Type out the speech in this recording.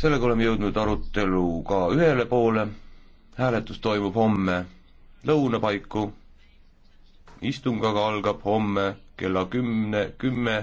sellega oleme jõudnud aruteluga ühele poole, hääletus toimub homme lõuna paiku, istung aga algab homme kella kümne, kümme